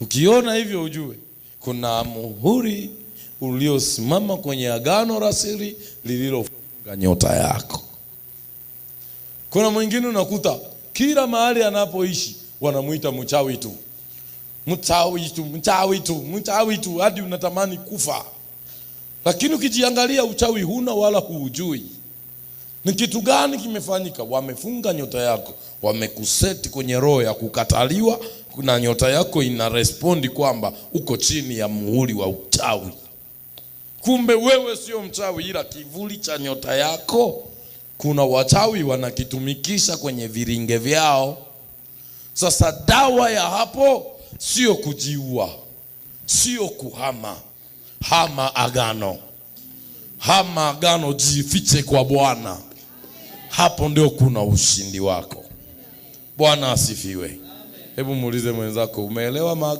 Ukiona hivyo ujue kuna muhuri uliosimama kwenye agano la siri lililofunga nyota yako. Kuna mwingine unakuta kila mahali anapoishi wanamuita mchawi tu, mchawi tu, mchawi tu, mchawi tu, hadi unatamani kufa, lakini ukijiangalia uchawi huna wala huujui. Ni kitu gani kimefanyika? Wamefunga nyota yako, wamekuseti kwenye roho ya kukataliwa, na nyota yako ina respondi kwamba uko chini ya muhuri wa uchawi. Kumbe wewe sio mchawi, ila kivuli cha nyota yako. Kuna wachawi wanakitumikisha kwenye viringe vyao. Sasa dawa ya hapo sio kujiua, sio kuhama. Hama agano, hama agano, jifiche kwa Bwana hapo ndio kuna ushindi wako. Bwana asifiwe. Hebu muulize mwenzako, umeelewa?